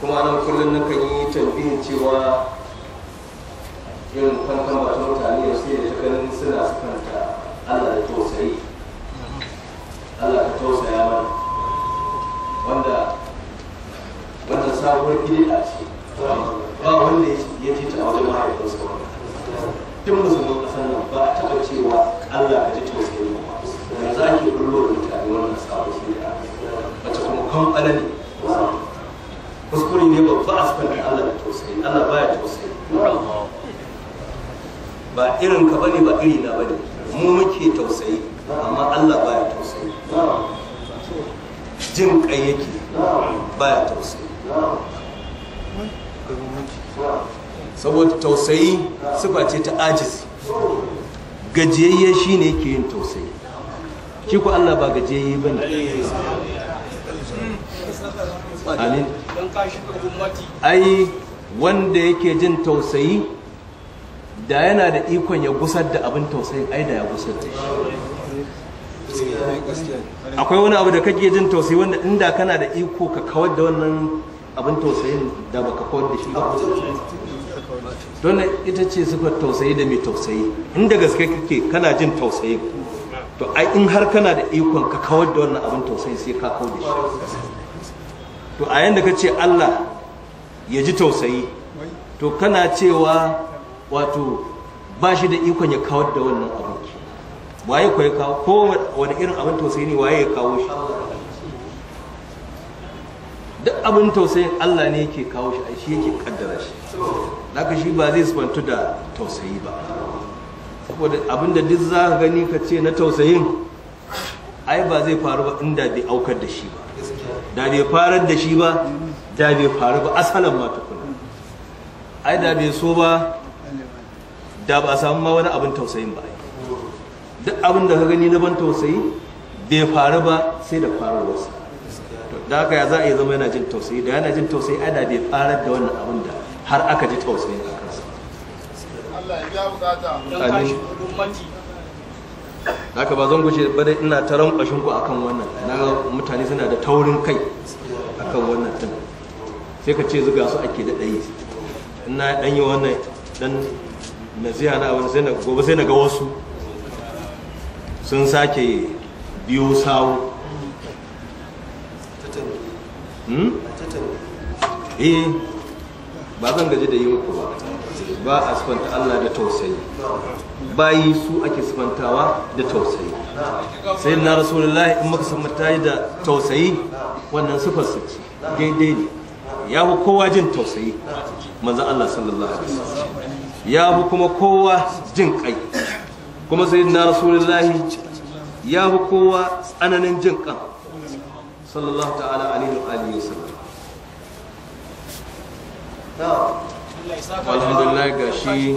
kuma nan kullum na kan yi tambayin cewa yin kankan ba ta mutane da sai da ganin suna sukanta Allah da tausayi Allah ta tausaya mana wanda wanda sabuwar a ce ba wanda ya ce ta a wajen mahaifinsa ba tun musulman kasar nan ba a taɓa cewa Allah ka ji tausayi ba za ki bullo da mutane wannan sabuwar bid'a wacce kuma kan alali ba su Allah da tausayi Allah baya tausayi ba irin ka bane ba iri na bane mu muke tausayi amma Allah baya tausayi jin kai yake baya tausayi saboda tausayi sifa ce ta ajiz gajiyayye shine yake yin tausayi shi ku Allah ba gajiyayye bane amin ai wanda yake jin tausayi da yana da ikon ya gusar da abin tausayin ai da ya gusar da shi akwai wani abu da kake jin tausayi wanda inda kana da iko ka kawar da wannan abin tausayin da baka kawar da shi don ita ce sifar tausayi da mai tausayi inda gaske kake kana jin tausayin to ai in har kana da ikon ka kawar da wannan abin tausayi sai ka kawar da shi to a yanda ka ce Allah ya ji tausayi to kana cewa wato ba shi da ikon ya kawar da wannan abin waye kwaye kawo ko wani irin abin tausayi ne waye ya kawo shi duk abin tausayin Allah ne yake kawo shi shi yake kaddara shi ka shi ba zai sifantu da tausayi ba saboda abinda duk za ka gani ka ce na tausayin ai ba zai faru ba inda bai aukar da shi ba da bai farar da shi ba da bai faru ba asalan ma tukuna ai da bai so ba da ba samu ma wani abin tausayin ba duk abin da ka gani na ban tausayi bai faru ba sai da faru wasu da haka ya za a yi zama yana jin tausayi da yana jin tausayi ai da bai farar da wannan abin da har aka ji tausayin a kansa haka ba zan guje ba ina ta rankwashin ku akan wannan na mutane suna da taurin kai akan wannan din sai ka ce zuga su ake da ɗaya ina dan yi wannan dan ziya na abin sai na gobe sai na ga wasu sun sake biyo sawu hmm? eh ba zan gaji da yi muku ba ba a sifanta Allah da tausayi bayi su ake sifantawa da tausayi sai na rasulullahi in maka san mutayi da tausayi wannan sifar su ce daidai ne ya fi kowa jin tausayi manzan Allah sallallahu alaihi wasallam ya fi kuma kowa jin kai kuma sai na rasulullahi ya fi kowa tsananin jin kan sallallahu ta'ala alaihi wa alihi wasallam alhamdulillah gashi